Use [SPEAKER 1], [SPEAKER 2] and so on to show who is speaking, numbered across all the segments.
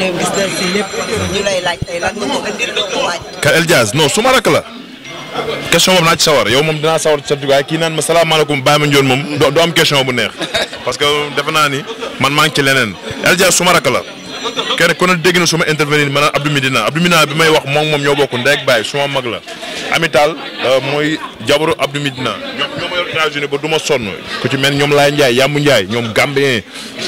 [SPEAKER 1] teew gis na Ka El Diaz non su ma rakk la. question boobu sawar yow moom dinaa sawar ci sa jugaay kii naan ma salaamaaleykum Baye Mandione moom doo am question bu neex parce que defe naa ni man maa ngi ci leneen El Diaz su ma rakk la. kenn ku ne dégg na su ma intervenir maanaam Abdou Midina Abdou Midina bi may wax moom moom ñoo bokk ndey ak baay suma mag la amital euh, mooy jabaru Abdou Midina ñoom ñoo États-Unis ba du sonn ku ci ñoom Laay Njaay Yàmbu Njaay ñoom Gambien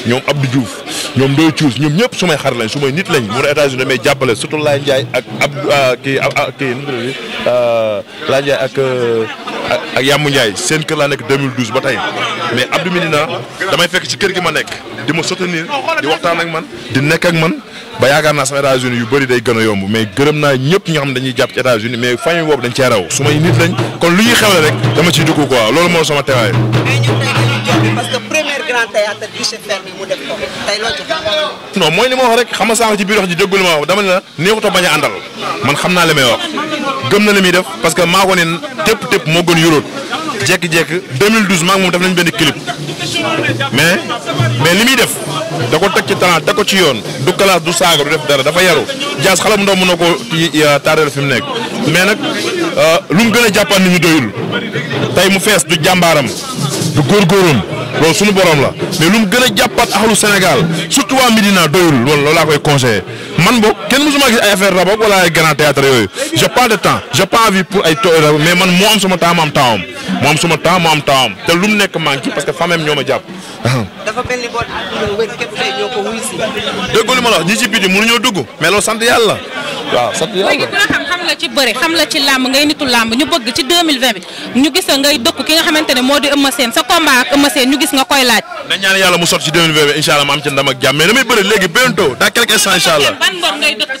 [SPEAKER 1] ñoom Abdou Diouf ñoom Ndoye Diouf ñoom ñëpp sumay xar lañ sumay nit lañ mu ne États-Unis damay jàppale surtout Laay Njaay ak Abdou euh, kii euh, kii nu mu tudd Njaay ak ak Yamou Ndiaye seen kër laa nekk 2012 ba tey mais Abdou Medina damay fekk ci kër gi ma nekk di ma soutenir di waxtaan ak man di nekk ak man ba yaakaar naa sama États-Unis yu bari day gën yomb mais gërëm naa ñëpp ñi nga xam dañuy jàpp ci États-Unis mais famille boobu dañ cee raw su may nit lañ kon lu ñuy xewle rek dama ciy dugg quoi loolu moo sama teewaay. mais ñun tey dañuy jox parce mooy li ma wax rek xam nga sànq ci biir wax ji déggu li ma dama ne la néexut a bañ man xam naa li may wax. gëm na li muy def parce que maa ko ne tëpp tëpp moo gën yuróot jékki-jékki 2012 maa ngi moom def nañ benn clip mais mais li muy def da ko teg ci talent teg ko ci yoon du kalaas du saaga du def dara dafa yaru jaas xale mu ndaw mën na ko tardeel fi mu nekk mais nag euh, lu mu gën a jàppaan ni ñu doyul tey mu fees du jàmbaaram du góorgóoroon loolu suñu borom la mais lu mu gën a jàppaat axalu Sénégal surtout waa Médina doyul loolu loolaa koy conseillé man boog kenn mësuma gis ay affaire rabok wala ay grand théâtre yooyu j'ai pas de temps j'ai pas envie pour ay tooy mais man moo am sama temps ma am temps am moo am sama ma am temps am te lu mu nekk maa ngi ci parce que famem ñoo ma jàpp. dafa mel ma la wax ñi ci biti mënuñoo dugg mais loolu sant yàlla waaw sant yàlla. xam la ci bëre xam la ci làmb moo di ma am ci ndam ak jàmm mais damay bëri léegi bientôt dans quelques instants incha allah ban ngor ngay dëkk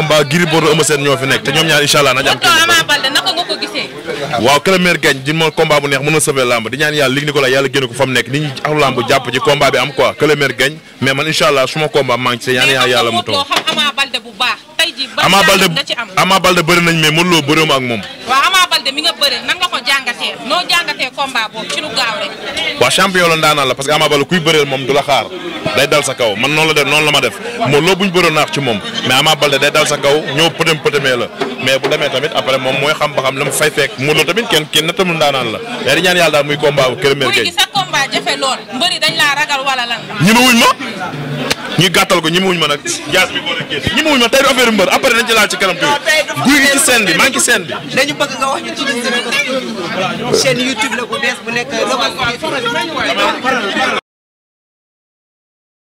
[SPEAKER 1] am na ñoo fi nekk te ñoom ñaar incha allah nañ am waaw kër meer gañ di moom combat bu neex mën na sauver lamb di ñaan yàlla la yàlla mu nekk nit ñi ak lamb jàpp ci combat bi am quoi kër meer gañ mais man incha allah suma combat maa ngi ci ñaan yàlla mu ji. Ama Baldé Ama Baldé bëri nañ mais mënuloo bëree ma ak moom. waaw Ama Baldé mi nga bëri nan nga ko jàngatee noo jàngatee combat boobu ci lu gaaw rek. waaw champion la ndaanaan la parce que Ama Baldé kuy bëreel moom du la xaar day dal sa kaw man noonu la def noonu la ma def moo loo buñ bëree naax ci moom mais Ama Baldé day dal sa kaw ñëw pëtëm pëtëmee la mais bu demee tamit après moom mooy xam ba xam la mu fay fekk mu loolu tamit kenn kenn nattamul ndaanaan la mais di yàlla muy combat bu kër Merguez. sa ñuy gàttal ko ñi muñ ma nag jaas bi boole ñi ma tey du affaire mbër après dañ ci laal ci kanam tuuti guy ci scène bi maa ngi ci scène bi dañu bëgg nga wax ñu tudd seen chaîne YouTube la bu bees bu nekk